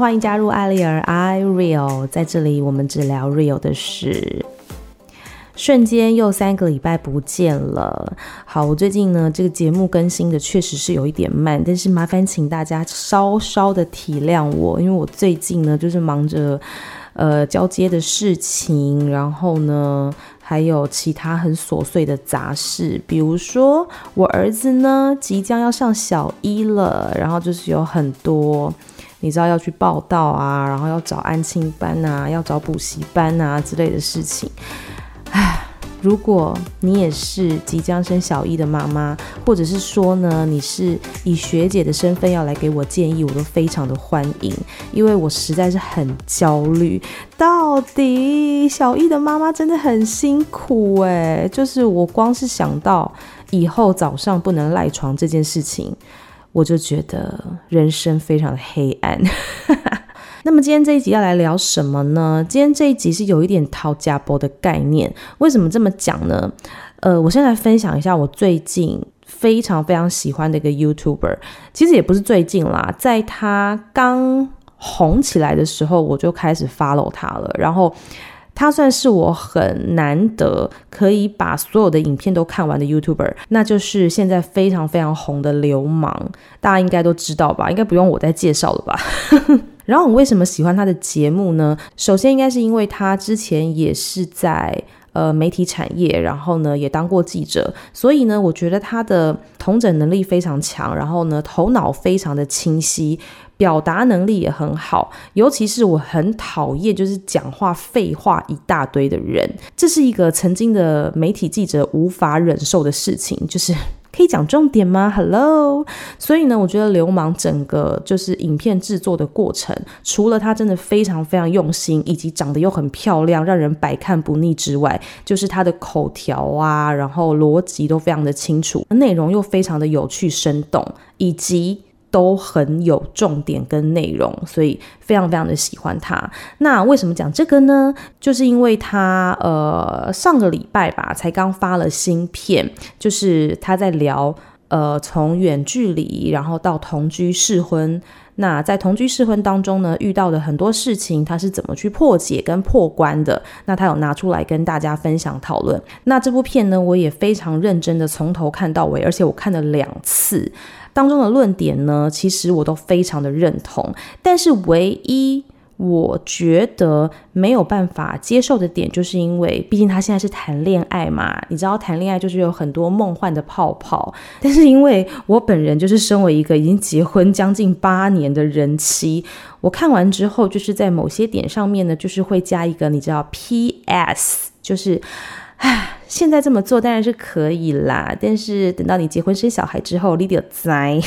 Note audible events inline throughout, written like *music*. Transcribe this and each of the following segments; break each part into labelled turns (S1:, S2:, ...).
S1: 歡迎加入艾莉兒 Ireal，在這裡我們只聊 real 的事。瞬間又三個禮拜不見了。好，我最近呢這個節目更新的確實是有一點慢，但是麻煩請大家稍稍的體諒我，因為我最近呢就是忙着呃交接的事情，然後呢還有其他很瑣碎的雜事，比如說我兒子呢即將要上小一了，然後就是有很多。你知道要去報到啊，然後要找安親班啊，要找補習班啊之類的事情。唉，如果你也是即將生小藝的媽媽，或者是說呢，你是以學姐的身份要來給我建議，我都非常的歡迎，因為我實在是很焦慮。到底小藝的媽媽真的很辛苦哎、欸，就是我光是想到以後早上不能賴床這件事情。我就覺得人生非常的黑暗。 *laughs* 那麼今天這一集要來聊什麼呢？今天這一集是有一點掏家缽的概念。為什麼這麼講呢？呃，我先來分享一下我最近非常非常喜歡的一個 YouTuber。其實也不是最近啦，在他剛紅起來的時候，我就開始 follow 他了。然後。他算是我很難得可以把所有的影片都看完的 YouTuber，那就是現在非常非常紅的劉芒，大家應該都知道吧？應該不用我再介紹了吧？ *laughs* 然後我為什麼喜歡他的節目呢？首先應該是因為他之前也是在。呃，媒體產業，然後呢，也當過記者，所以呢，我覺得他的統整能力非常強，然後呢，頭腦非常的清晰，表達能力也很好。尤其是我很討厭，就是講話廢話一大堆的人，這是一個曾經的媒體記者無法忍受的事情，就是。可以講重點嗎？Hello，所以呢，我覺得劉芒整個就是影片製作的過程，除了他真的非常非常用心，以及長得又很漂亮，讓人百看不膩之外，就是他的口條啊，然後邏輯都非常的清楚，內容又非常的有趣生動，以及。都很有重點跟內容，所以非常非常的喜歡他。那為什麼講這個呢？就是因為他呃上個禮拜吧，才剛發了新片，就是他在聊呃從遠距離，然後到同居試婚。那在同居試婚當中呢，遇到的很多事情，他是怎麼去破解跟破關的？那他有拿出來跟大家分享討論。那這部片呢，我也非常認真的從頭看到尾，而且我看了兩次。當中的論點呢，其實我都非常的認同，但是唯一我覺得沒有辦法接受的點，就是因為畢竟他現在是談戀愛嘛，你知道談戀愛就是有很多夢幻的泡泡，但是因為我本人就是身為一個已經結婚將近八年的人妻，我看完之後就是在某些點上面呢，就是會加一個你知道 PS，就是唉。現在這麼做當然是可以啦，但是等到你結婚生小孩之後，你馬栽，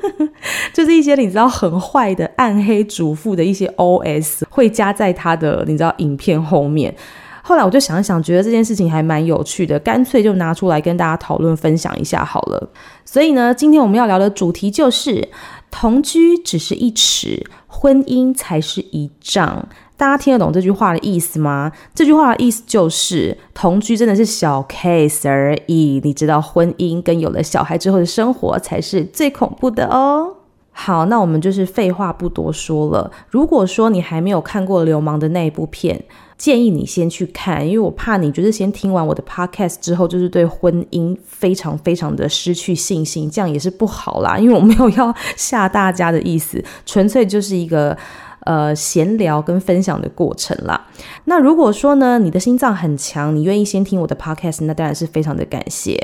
S1: *laughs* 就是一些你知道很壞的暗黑主婦的一些 OS 會加在他的，你知道影片後面。後來我就想一想，覺得這件事情還蠻有趣的，乾脆就拿出來跟大家討論分享一下好了。所以呢，今天我們要聊的主題就是。同居只是一尺，婚姻才是一丈。大家聽得懂這句話的意思嗎？這句話的意思就是，同居真的是小 case 而已。你知道，婚姻跟有了小孩之後的生活才是最恐怖的哦。好，那我們就是廢話不多說了。如果說你還沒有看過劉芒的那一部片。建議你先去看，因為我怕你覺得先聽完我的 podcast 之後，就是對婚姻非常非常的失去信心，這樣也是不好啦。因為我沒有要嚇大家的意思，純粹就是一個呃閒聊跟分享的過程啦。那如果說呢，你的心臟很強，你願意先聽我的 podcast，那當然是非常的感謝。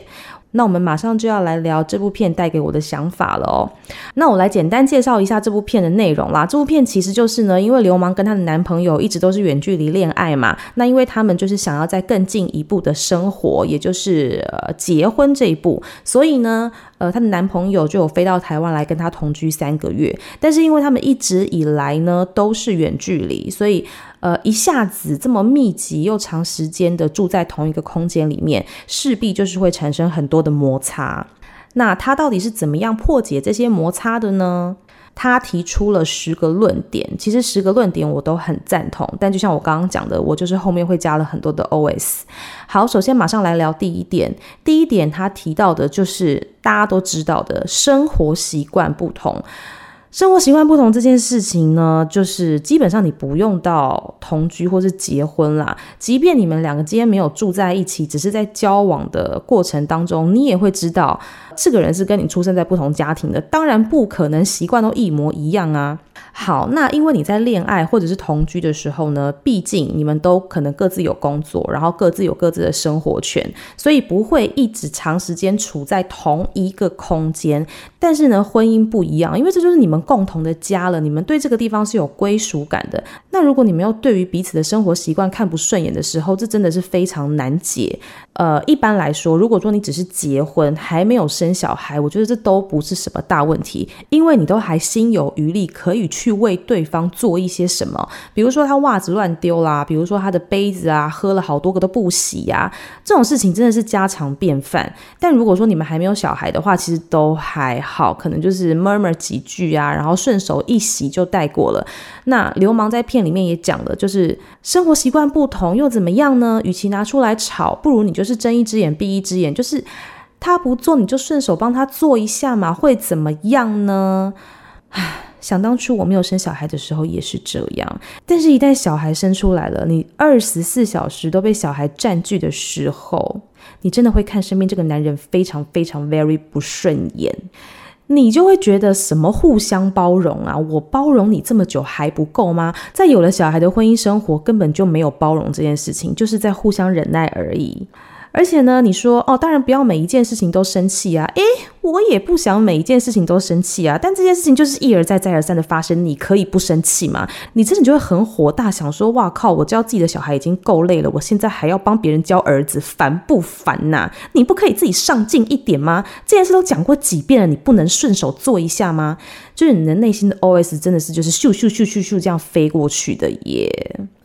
S1: 那我們馬上就要來聊這部片帶給我的想法了哦。那我來簡單介紹一下這部片的內容啦。這部片其實就是呢，因為劉芒跟她的男朋友一直都是遠距離戀愛嘛。那因為他們就是想要再更進一步的生活，也就是呃結婚這一步，所以呢，呃她的男朋友就有飛到台灣來跟她同居三個月。但是因為他們一直以來呢都是遠距離，所以。呃，一下子這麼密集又長時間的住在同一個空間裡面，勢必就是會產生很多的摩擦。那他到底是怎麼樣破解這些摩擦的呢？他提出了十個論點，其實十個論點我都很贊同，但就像我剛剛講的，我就是後面會加了很多的 OS。好，首先馬上來聊第一點，第一點他提到的就是大家都知道的生活習慣不同。生活習慣不同這件事情呢，就是基本上你不用到同居或是結婚啦，即便你們兩個今天沒有住在一起，只是在交往的過程當中，你也會知道。這個人是跟你出生在不同家庭的，當然不可能習慣都一模一樣啊。好，那因為你在戀愛或者是同居的時候呢，畢竟你們都可能各自有工作，然後各自有各自的生活圈，所以不會一直長時間處在同一個空間。但是呢，婚姻不一樣，因為這就是你們共同的家了，你們對這個地方是有歸屬感的。那如果你們又對於彼此的生活習慣看不順眼的時候，這真的是非常難解。呃，一般來說，如果說你只是結婚還沒有生。小孩，我覺得這都不是什麼大問題，因為你都還心有餘力，可以去為對方做一些什麼。比如說他襪子亂丟啦，比如說他的杯子啊，喝了好多個都不洗呀、啊，這種事情真的是家常便飯。但如果說你們還沒有小孩的話，其實都還好，可能就是 murmur 幾句啊，然後順手一洗就帶過了。那劉芒在片裡面也講了，就是生活習慣不同又怎麼樣呢？與其拿出來吵，不如你就是睜一隻眼閉一隻眼，就是。他不做，你就順手幫他做一下嘛，會怎麼樣呢？唉，想當初我沒有生小孩的時候也是這樣，但是，一旦小孩生出來了，你二十四小時都被小孩佔據的時候，你真的會看身邊這個男人非常非常 very 不順眼，你就會覺得什麼互相包容啊，我包容你這麼久還不夠嗎？在有了小孩的婚姻生活，根本就沒有包容這件事情，就是在互相忍耐而已。而且呢，你說哦，當然不要每一件事情都生氣啊，誒，我也不想每一件事情都生氣啊，但這件事情就是一而再再而三的發生，你可以不生氣嗎？你真的就會很火大，想說哇靠，我教自己的小孩已經夠累了，我現在還要幫別人教兒子，煩不煩吶？啊？你不可以自己上進一點嗎？這件事都講過幾遍了，你不能順手做一下嗎？就是你的內心的 OS 真的是就是咻咻咻咻咻咻這樣飛過去的耶。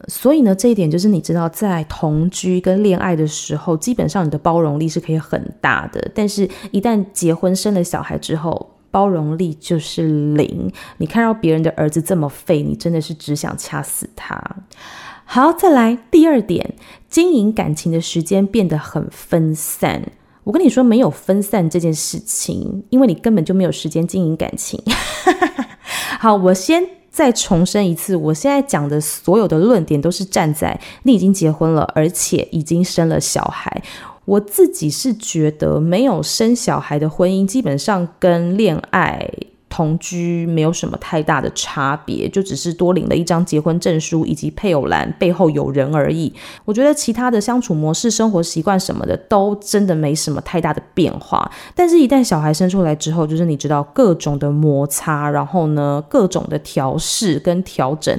S1: 所以呢，這一點就是你知道，在同居跟戀愛的時候，基本上你的包容力是可以很大的。但是，一旦結婚生了小孩之後，包容力就是零。你看到別人的兒子這麼廢，你真的是只想掐死他。好，再來第二點，經營感情的時間變得很分散。我跟你說，沒有分散這件事情，因為你根本就沒有時間經營感情。 *laughs* 好，我先。再重申一次，我現在講的所有的論點都是站在你已經結婚了，而且已經生了小孩。我自己是覺得沒有生小孩的婚姻，基本上跟戀愛。同居沒有什麼太大的差別，就只是多領了一張結婚證書以及配偶欄背後有人而已。我覺得其他的相處模式、生活習慣什麼的都真的沒什麼太大的變化。但是，一旦小孩生出來之後，就是你知道各種的摩擦，然後呢，各種的調試跟調整，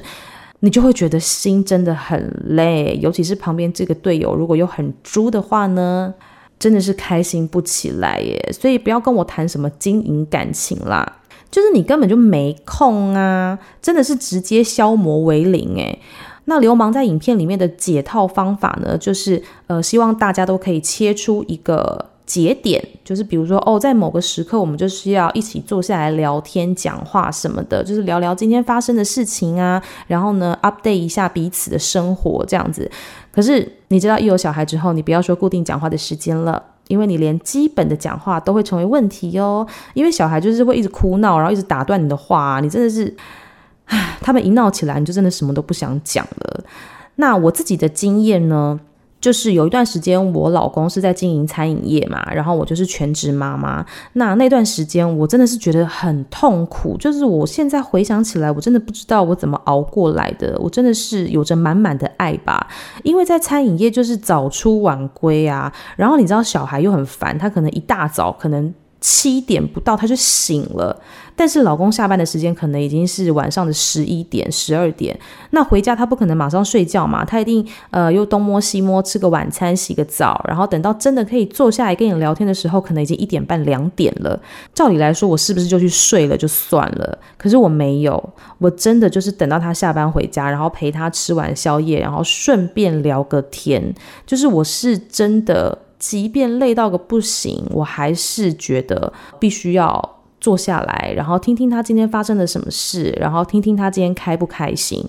S1: 你就會覺得心真的很累。尤其是旁邊這個隊友如果又很豬的話呢，真的是開心不起來耶。所以，不要跟我談什麼經營感情啦。就是你根本就沒空啊，真的是直接消磨為零誒，那劉芒在影片裡面的解套方法呢，就是呃，希望大家都可以切出一個節點，就是比如說哦，在某個時刻，我們就是要一起坐下來聊天、講話什麼的，就是聊聊今天發生的事情啊，然後呢，update 一下彼此的生活這樣子。可是你知道，一有小孩之後，你不要說固定講話的時間了。因為你連基本的講話都會成為問題哦，因為小孩就是會一直哭鬧，然後一直打斷你的話，你真的是，唉，他們一鬧起來，你就真的什麼都不想講了。那我自己的經驗呢？就是有一段時間，我老公是在經營餐飲業嘛，然後我就是全職媽媽。那那段時間，我真的是覺得很痛苦。就是我現在回想起來，我真的不知道我怎麼熬過來的。我真的是有着滿滿的愛吧，因為在餐飲業就是早出晚歸啊。然後你知道小孩又很煩，他可能一大早可能七點不到他就醒了。但是老公下班的時間可能已經是晚上的十一點、十二點，那回家他不可能馬上睡覺嘛，他一定呃又東摸西摸吃個晚餐、洗個澡，然後等到真的可以坐下來跟你聊天的時候，可能已經一點半、兩點了。照理來說，我是不是就去睡了就算了？可是我沒有，我真的就是等到他下班回家，然後陪他吃完宵夜，然後順便聊個天。就是我是真的，即便累到個不行，我還是覺得必須要。坐下來，然後聽聽他今天發生了什麼事，然後聽聽他今天開不開心。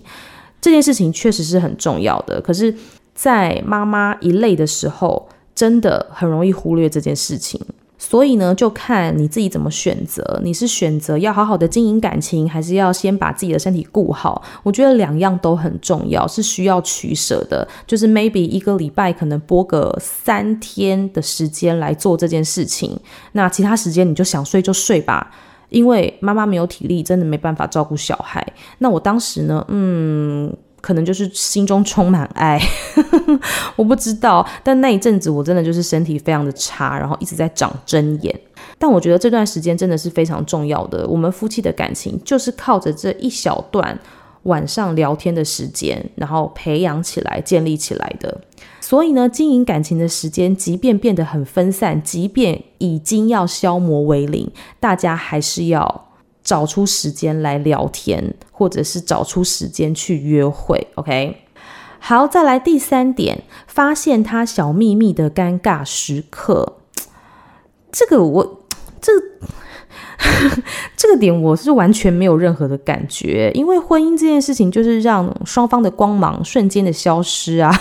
S1: 這件事情確實是很重要的，可是，在媽媽一累的時候，真的很容易忽略這件事情。所以呢，就看你自己怎麼選擇。你是選擇要好好的經營感情，還是要先把自己的身體顧好？我覺得兩樣都很重要，是需要取捨的。就是 maybe 一個禮拜可能播個三天的時間來做這件事情，那其他時間你就想睡就睡吧。因為媽媽沒有體力，真的沒辦法照顧小孩。那我當時呢，嗯。可能就是心中充滿愛， *laughs* 我不知道。但那一陣子我真的就是身體非常的差，然後一直在長針眼。但我覺得這段時間真的是非常重要的。我們夫妻的感情就是靠着這一小段晚上聊天的時間，然後培養起來、建立起來的。所以呢，經營感情的時間，即便變得很分散，即便已經要消磨為零，大家還是要。找出時間來聊天，或者是找出時間去約會，OK？好，再來第三點，發現他小秘密的尷尬時刻。這個我這個、這個點我是完全沒有任何的感覺，因為婚姻這件事情就是讓雙方的光芒瞬間的消失啊，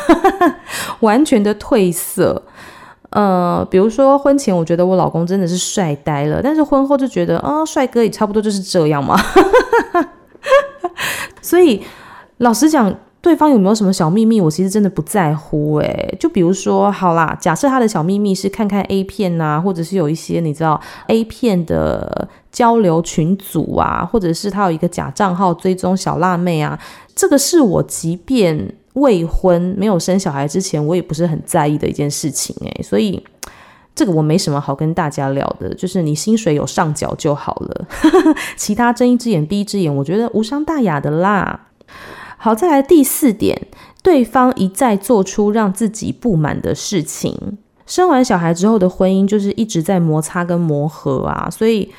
S1: 完全的褪色。呃，比如說婚前，我覺得我老公真的是帥呆了，但是婚後就覺得嗯、呃，帥哥也差不多就是這樣嘛。 *laughs* 所以老實講，對方有沒有什麼小祕密，我其實真的不在乎。誒就比如說，好啦，假設他的小祕密是看看 A 片吶、啊，或者是有一些你知道 A 片的交流群組啊，或者是他有一個假賬號追蹤小辣妹啊，這個是我即便。未婚沒有生小孩之前，我也不是很在意的一件事情誒、欸，所以這個我沒什麼好跟大家聊的，就是你薪水有上繳就好了， *laughs* 其他睜一只眼閉一只眼，我覺得無傷大雅的啦。好，再來第四點，對方一再做出讓自己不滿的事情，生完小孩之後的婚姻就是一直在摩擦跟磨合啊，所以。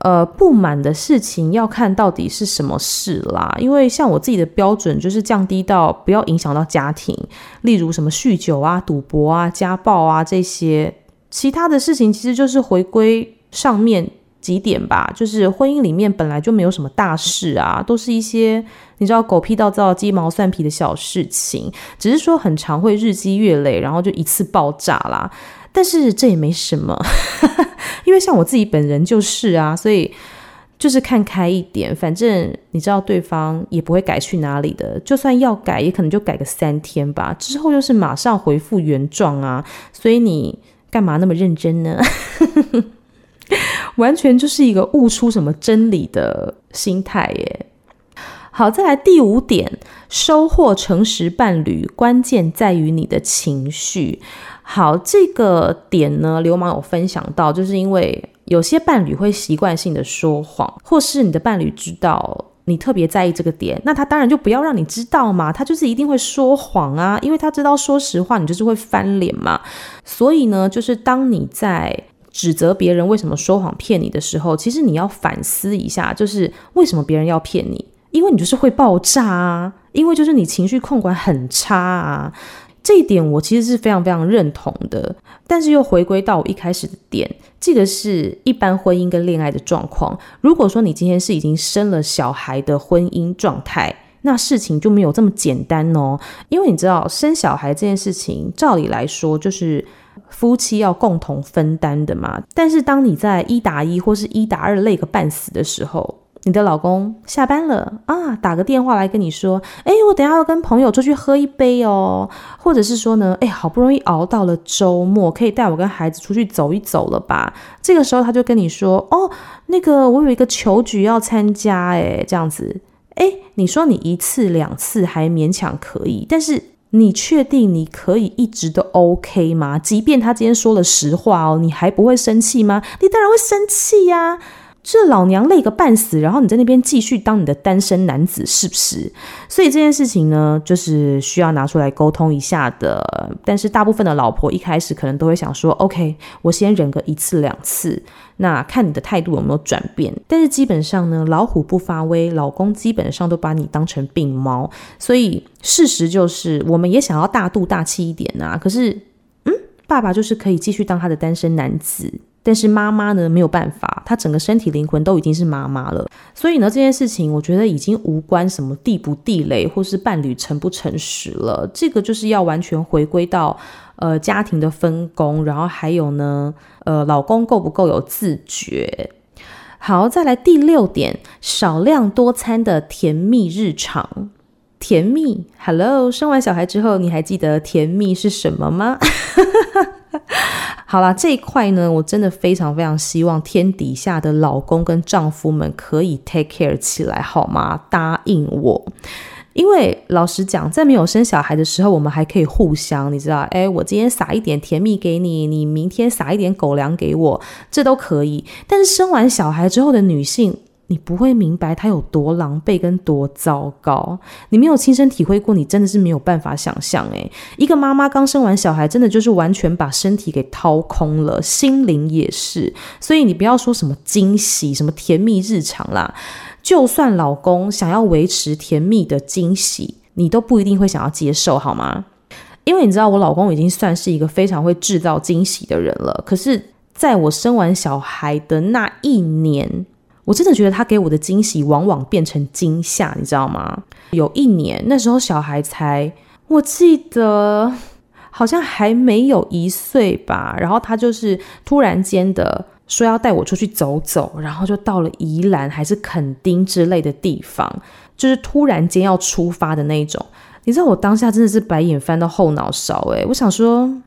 S1: 呃，不滿的事情要看到底是什麼事啦，因為像我自己的標準就是降低到不要影響到家庭，例如什麼酗酒啊、賭博啊、家暴啊這些，其他的事情其實就是回歸上面幾點吧，就是婚姻裡面本來就沒有什麼大事啊，都是一些你知道狗屁倒灶雞毛蒜皮的小事情，只是說很常會日積月累，然後就一次爆炸啦，但是這也沒什麼。 *laughs* 因為像我自己本人就是啊，所以就是看開一點，反正你知道對方也不會改去哪裡的，就算要改，也可能就改個三天吧，之後又是馬上恢復原狀啊。所以你干嘛那麼認真呢？ *laughs* 完全就是一個悟出什麼真理的心態耶。好，再來第五點，收穫誠實伴侶，關鍵在於你的情緒。好，這個點呢，劉芒有分享到，就是因為有些伴侶會習慣性的說謊，或是你的伴侶知道你特別在意這個點，那他當然就不要讓你知道嘛，他就是一定會說謊啊，因為他知道說實話你就是會翻臉嘛。所以呢，就是當你在指責別人為什麼說謊騙你的時候，其實你要反思一下，就是為什麼別人要騙你？因為你就是會爆炸啊，因為就是你情緒控管很差啊。這一點我其實是非常非常認同的，但是又回歸到我一開始的點，這個是一般婚姻跟戀愛的狀況。如果說你今天是已經生了小孩的婚姻狀態，那事情就沒有這麼簡單哦，因為你知道生小孩這件事情，照理來說就是夫妻要共同分擔的嘛。但是當你在一打一或是一打二累個半死的時候，你的老公下班了啊，打個電話來跟你說，哎，我等下要跟朋友出去喝一杯哦，或者是說呢，哎，好不容易熬到了周末，可以帶我跟孩子出去走一走了吧？這個時候他就跟你說，哦，那個我有一個球局要參加，哎，這樣子，哎，你說你一次兩次還勉強可以，但是你確定你可以一直都 OK 嗎？即便他今天說了實話哦，你還不會生氣嗎？你當然會生氣呀、啊。這老娘累個半死，然後你在那邊繼續當你的單身男子，是不是？所以這件事情呢，就是需要拿出來溝通一下的。但是大部分的老婆一開始可能都會想說：“OK，我先忍個一次兩次，那看你的態度有沒有轉變。”但是基本上呢，老虎不發威，老公基本上都把你當成病貓。所以事實就是，我們也想要大度大氣一點啊。可是，嗯，爸爸就是可以繼續當他的單身男子。但是媽媽呢，沒有辦法，她整個身體靈魂都已經是媽媽了，所以呢，這件事情我覺得已經無關什麼地不地雷或是伴侶誠不誠實了，這個就是要完全回歸到呃家庭的分工，然後還有呢呃老公夠不夠有自覺。好，再來第六點，少量多餐的甜蜜日常，甜蜜，Hello，生完小孩之後你還記得甜蜜是什麼嗎？ *laughs* 好啦，這一塊呢，我真的非常非常希望天底下的老公跟丈夫們可以 take care 起來，好嗎？答應我，因為老實講，在沒有生小孩的時候，我們還可以互相，你知道，哎，我今天撒一點甜蜜給你，你明天撒一點狗糧給我，這都可以。但是生完小孩之後的女性。你不會明白他有多狼狽跟多糟糕，你沒有親身體會過，你真的是沒有辦法想象。誒，一個媽媽剛生完小孩，真的就是完全把身體給掏空了，心靈也是。所以你不要說什麼驚喜，什麼甜蜜日常啦，就算老公想要維持甜蜜的驚喜，你都不一定會想要接受，好嗎？因為你知道，我老公已經算是一個非常會製造驚喜的人了，可是在我生完小孩的那一年，我真的覺得他給我的驚喜，往往變成驚嚇，你知道嗎？有一年，那時候小孩才我記得，好像還沒有一歲吧。然後他就是突然間的說要帶我出去走走，然後就到了宜蘭還是墾丁之類的地方，就是突然間要出發的那種。你知道我當下真的是白眼翻到後腦勺欸，誒，我想說，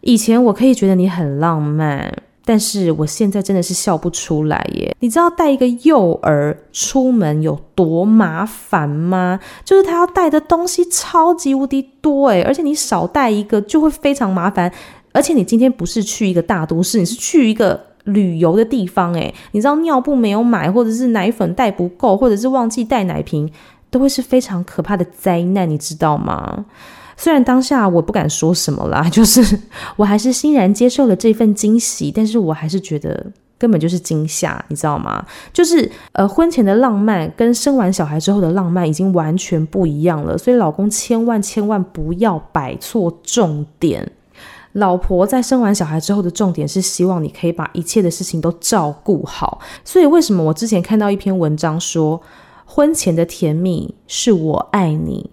S1: 以前我可以覺得你很浪漫。但是我現在真的是笑不出來耶！你知道帶一個幼兒出門有多麻煩嗎？就是他要帶的東西超級無敵多耶，而且你少帶一個就會非常麻煩。而且你今天不是去一個大都市，你是去一個旅遊的地方耶。你知道尿布沒有買，或者是奶粉帶不夠，或者是忘記帶奶瓶，都會是非常可怕的災難，你知道嗎？雖然當下我不敢說什麼啦，就是我還是欣然接受了這份驚喜，但是我還是覺得根本就是驚嚇，你知道嗎？就是呃，婚前的浪漫跟生完小孩之後的浪漫已經完全不一樣了，所以老公千萬千萬不要擺錯重點。老婆在生完小孩之後的重點是希望你可以把一切的事情都照顧好，所以為什麼我之前看到一篇文章說，婚前的甜蜜是我愛你。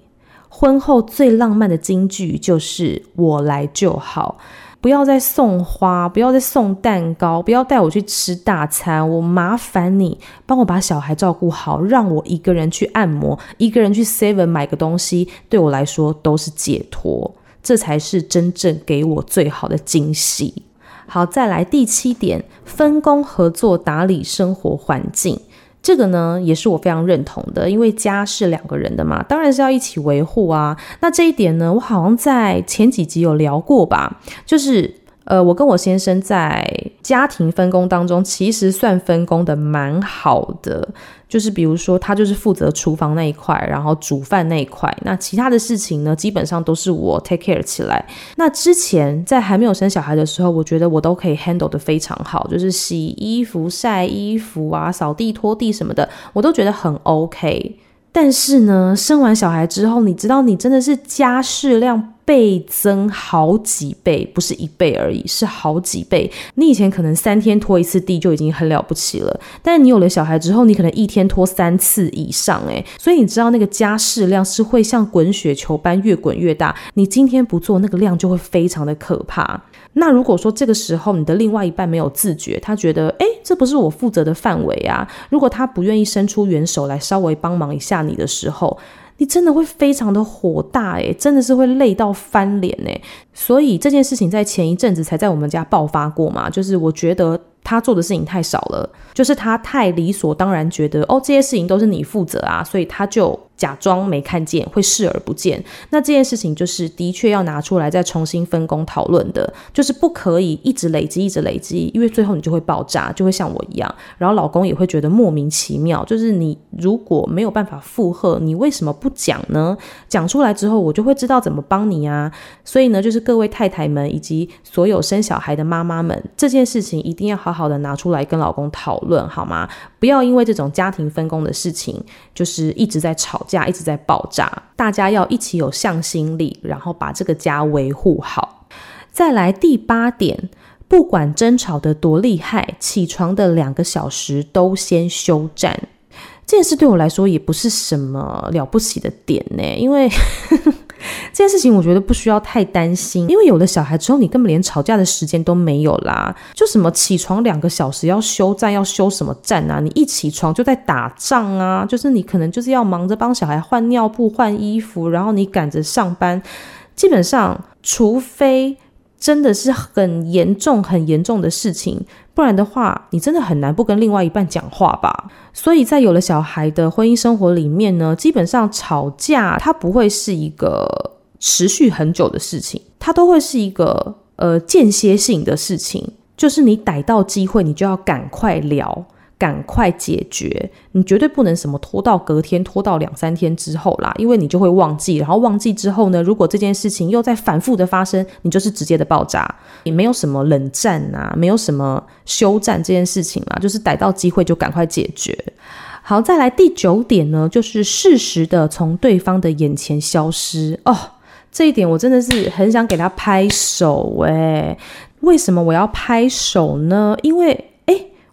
S1: 婚後最浪漫的金句就是“我來就好”，不要再送花，不要再送蛋糕，不要帶我去吃大餐，我麻煩你幫我把小孩照顧好，讓我一個人去按摩，一個人去 Seven 買個東西，對我來說都是解脫，這才是真正給我最好的驚喜。好，再來第七點，分工合作打理生活環境。這個呢，也是我非常認同的，因為家是兩個人的嘛，當然是要一起維護啊。那這一點呢，我好像在前幾集有聊過吧，就是。呃，我跟我先生在家庭分工當中，其實算分工的蠻好的。就是比如說，他就是負責廚房那一塊，然後煮飯那一塊。那其他的事情呢，基本上都是我 take care 起來。那之前在還沒有生小孩的時候，我覺得我都可以 handle 的非常好，就是洗衣服、曬衣服啊，掃地、拖地什麼的，我都覺得很 OK。但是呢，生完小孩之後，你知道，你真的是家事量。倍增好幾倍，不是一倍而已，是好幾倍。你以前可能三天拖一次地就已經很了不起了，但你有了小孩之後，你可能一天拖三次以上。欸，誒，所以你知道那個家事量是會像滾雪球般越滾越大。你今天不做，那個量就會非常的可怕。那如果說這個時候你的另外一半沒有自覺，他覺得誒、欸，這不是我負責的範圍啊，如果他不願意伸出援手來稍微幫忙一下你的時候，你真的會非常的火大誒、欸，真的是會累到翻臉哎、欸。所以這件事情在前一陣子才在我們家爆發過嘛，就是我覺得他做的事情太少了，就是他太理所當然覺得哦，這些事情都是你負責啊，所以他就假裝沒看見，會視而不見。那這件事情就是的確要拿出來再重新分工討論的，就是不可以一直累積，一直累積，因為最後你就會爆炸，就會像我一樣，然後老公也會覺得莫名其妙。就是你如果沒有辦法負荷，你為什麼不講呢？講出來之後，我就會知道怎麼幫你啊。所以呢，就是。各位太太們以及所有生小孩的媽媽們，這件事情一定要好好的拿出來跟老公討論，好嗎？不要因為這種家庭分工的事情，就是一直在吵架，一直在爆炸，大家要一起有向心力，然後把這個家維護好。再來第八點，不管爭吵得多厲害，起床的兩個小時都先休戰。這件事對我來說也不是什麼了不起的點呢、欸，因為。 *laughs* 這件事情我覺得不需要太擔心，因為有了小孩之後，你根本連吵架的時間都沒有啦。就什麼起床兩個小時要休戰，要休什麼戰啊？你一起床就在打仗啊！就是你可能就是要忙着幫小孩換尿布、換衣服，然後你趕着上班，基本上除非真的是很嚴重、很嚴重的事情。不然的話，你真的很難不跟另外一半講話吧？所以在有了小孩的婚姻生活裡面呢，基本上吵架它不會是一個持續很久的事情，它都會是一個呃間歇性的事情，就是你逮到機會，你就要趕快聊，趕快解決，你絕對不能什麼拖到隔天，拖到兩三天之後啦，因為你就會忘記。然後忘記之後呢，如果這件事情又在反覆的發生，你就是直接的爆炸，也沒有什麼冷戰啊，沒有什麼休戰這件事情啊，就是逮到機會就趕快解決。好，再來第九點呢，就是適時的從對方的眼前消失哦。這一點我真的是很想給他拍手誒、欸。為什麼我要拍手呢？因為。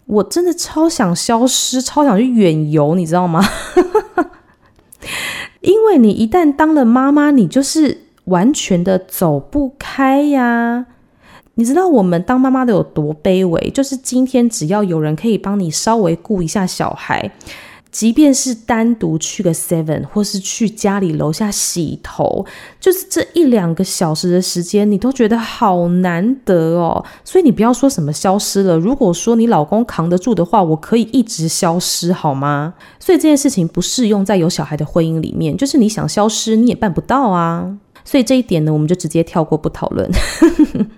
S1: 我真的超想消失，超想去遠遊，你知道嗎？ *laughs* 因為你一旦當了媽媽，你就是完全的走不開呀。你知道我們當媽媽的有多卑微？就是今天只要有人可以幫你稍微顧一下小孩。即便是單獨去個 seven，或是去家裡樓下洗頭，就是這一兩個小時的時間，你都覺得好難得哦。所以你不要說什麼消失了。如果說你老公扛得住的話，我可以一直消失好嗎？所以這件事情不適用在有小孩的婚姻裡面，就是你想消失你也辦不到啊。所以這一點呢，我們就直接跳過不討論。 *laughs*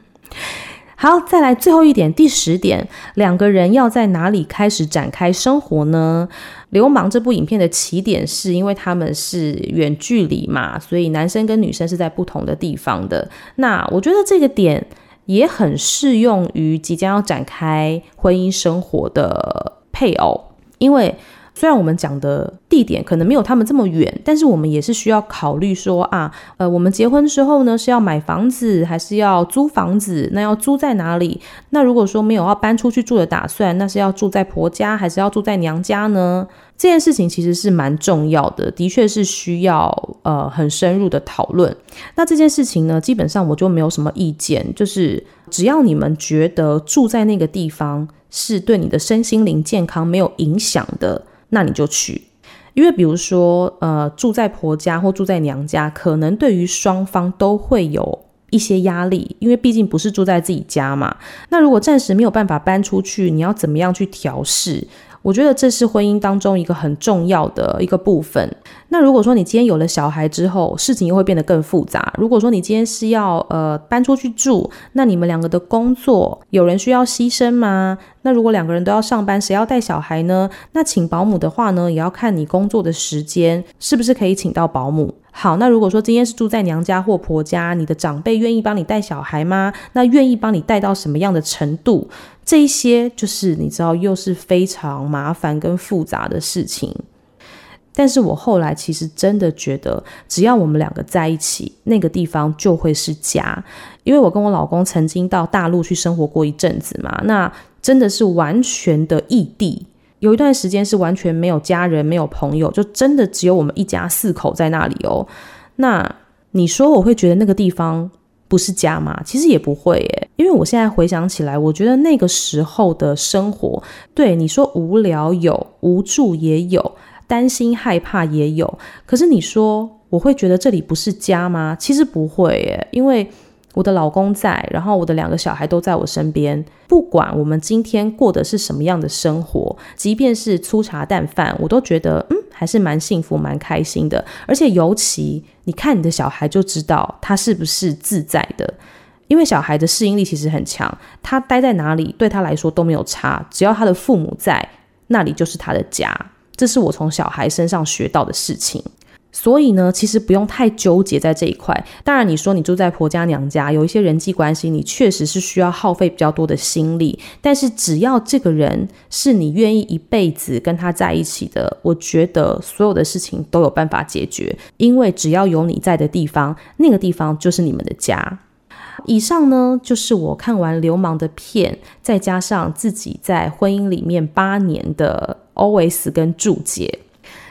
S1: 好，再來最後一點，第十點，兩個人要在哪裡開始展開生活呢？《劉芒》這部影片的起點是因為他們是遠距離嘛，所以男生跟女生是在不同的地方的。那我覺得這個點也很適用於即將要展開婚姻生活的配偶，因為，雖然我們講的地點可能沒有他們這麼遠，但是我們也是需要考慮說啊，呃，我們結婚之後呢，是要買房子還是要租房子？那要租在哪裡？那如果說沒有要搬出去住的打算，那是要住在婆家還是要住在娘家呢？這件事情其實是蠻重要的，的確是需要呃很深入的討論。那這件事情呢，基本上我就沒有什麼意見，就是只要你們覺得住在那個地方是對你的身心靈健康沒有影響的，那你就去，因為比如說，呃，住在婆家或住在娘家，可能對於雙方都會有一些壓力，因為畢竟不是住在自己家嘛。那如果暫時沒有辦法搬出去，你要怎麼樣去調適？我覺得這是婚姻當中一個很重要的一個部分。那如果說你今天有了小孩之後，事情又會變得更複雜。如果說你今天是要呃搬出去住，那你們兩個的工作有人需要犧牲嗎？那如果兩個人都要上班，誰要帶小孩呢？那請保姆的話呢，也要看你工作的時間是不是可以請到保姆。好，那如果說今天是住在娘家或婆家，你的長輩願意幫你帶小孩嗎？那願意幫你帶到什麼樣的程度？這一些就是你知道，又是非常麻煩跟複雜的事情。但是我後來其實真的覺得，只要我們兩個在一起，那個地方就會是家。因為我跟我老公曾經到大陸去生活過一陣子嘛，那真的是完全的異地。有一段時間是完全沒有家人、沒有朋友，就真的只有我們一家四口在那裡哦。那你說我會覺得那個地方不是家嗎？其實也不會耶，因為我現在回想起來，我覺得那個時候的生活，對，你說無聊有，無助也有，擔心害怕也有。可是你說我會覺得這裡不是家嗎？其實不會耶，因為。我的老公在，然後我的兩個小孩都在我身邊。不管我們今天過的是什麼樣的生活，即便是粗茶淡飯，我都覺得嗯，還是蠻幸福、蠻開心的。而且尤其你看你的小孩，就知道他是不是自在的，因為小孩的適應力其實很強。他待在哪裡，對他來說都沒有差，只要他的父母在那裡，就是他的家。這是我從小孩身上學到的事情。所以呢，其實不用太糾結在這一塊。當然，你說你住在婆家娘家，有一些人際關係，你確實是需要耗費比較多的心力。但是，只要這個人是你願意一輩子跟他在一起的，我覺得所有的事情都有辦法解決。因為只要有你在的地方，那個地方就是你們的家。以上呢，就是我看完《劉芒的片》，再加上自己在婚姻裡面八年的 OS 跟注解。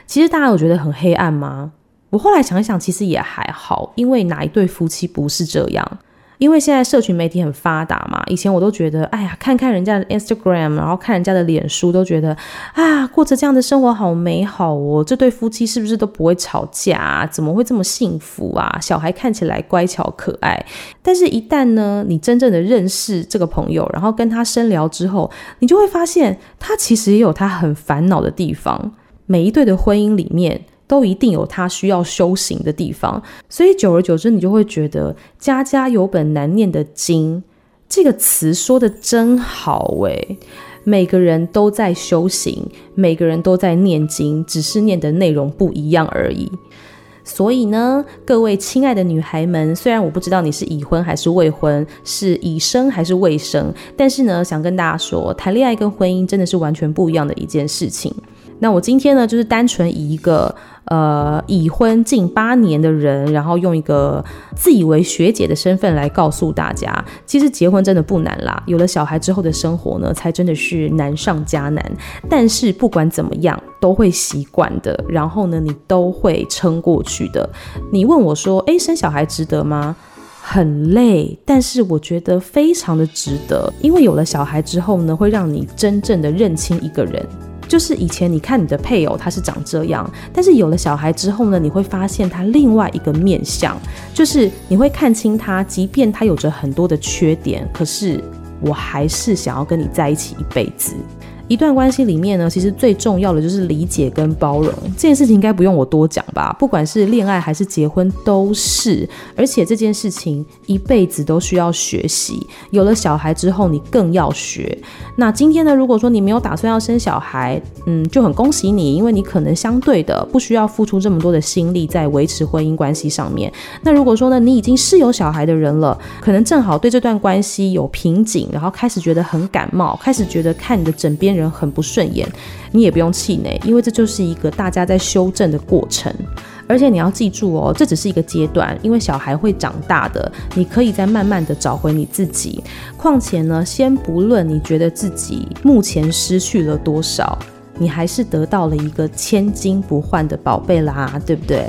S1: 其實大家有覺得很黑暗嗎？我後來想一想，其實也還好，因為哪一對夫妻不是這樣？因為現在社群媒體很發達嘛。以前我都覺得，哎呀，看看人家的 Instagram，然後看人家的臉書，都覺得啊、哎，過着這樣的生活好美好哦。這對夫妻是不是都不會吵架啊？怎麼會這麼幸福啊？小孩看起來乖巧可愛，但是，一旦呢，你真正的認識這個朋友，然後跟他深聊之後，你就會發現他其實也有他很煩惱的地方。每一對的婚姻裡面，都一定有他需要修行的地方，所以久而久之，你就會覺得“家家有本難念的經”這個詞說得真好欸。每個人都在修行，每個人都在念經，只是念的內容不一樣而已。所以呢，各位親愛的女孩們，雖然我不知道你是已婚還是未婚，是已生還是未生，但是呢，想跟大家說，談戀愛跟婚姻真的是完全不一樣的一件事情。那我今天呢，就是單純以一個呃已婚近八年的人，然後用一個自以為學姐的身份來告訴大家，其實結婚真的不難啦，有了小孩之後的生活呢，才真的是難上加難。但是不管怎麼樣，都會習慣的，然後呢，你都會撐過去的。你問我說，誒，生小孩值得嗎？很累，但是我覺得非常的值得，因為有了小孩之後呢，會讓你真正的認清一個人。就是以前你看你的配偶他是長這樣，但是有了小孩之後呢，你會發現他另外一個面相，就是你會看清他，即便他有着很多的缺點，可是我還是想要跟你在一起一輩子。一段關係裡面呢，其實最重要的就是理解跟包容這件事情，應該不用我多講吧？不管是戀愛還是結婚都是，而且這件事情一輩子都需要學習。有了小孩之後，你更要學。那今天呢，如果說你沒有打算要生小孩，嗯，就很恭喜你，因為你可能相對的不需要付出這麼多的心力在維持婚姻關係上面。那如果說呢，你已經是有小孩的人了，可能正好對這段關係有瓶頸，然後開始覺得很感冒，開始覺得看你的枕邊。人很不順眼，你也不用氣餒，因為這就是一個大家在修正的過程。而且你要記住哦，這只是一個階段，因為小孩會長大的，你可以再慢慢的找回你自己。況且呢，先不論你覺得自己目前失去了多少，你還是得到了一個千金不換的寶貝啦，對不對？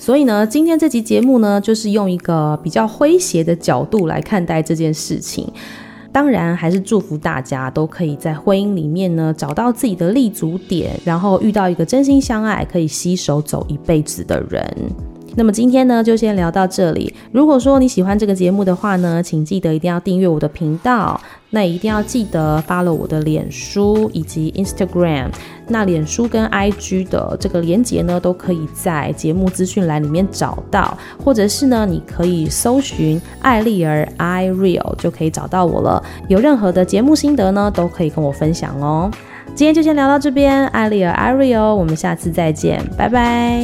S1: 所以呢，今天這集節目呢，就是用一個比較詼諧的角度來看待這件事情。當然，還是祝福大家都可以在婚姻裡面呢，找到自己的立足點，然後遇到一個真心相愛、可以攜手走一輩子的人。那麼今天呢，就先聊到這裡。如果說你喜歡這個節目的話呢，請記得一定要訂閱我的頻道，那也一定要記得 follow 我的臉書以及 Instagram。那臉書跟 IG 的這個連結呢，都可以在節目資訊欄裡面找到，或者是呢，你可以搜尋艾麗兒 Ireal 就可以找到我了。有任何的節目心得呢，都可以跟我分享哦。今天就先聊到這邊，艾麗兒 Ireal，我們下次再見，拜拜。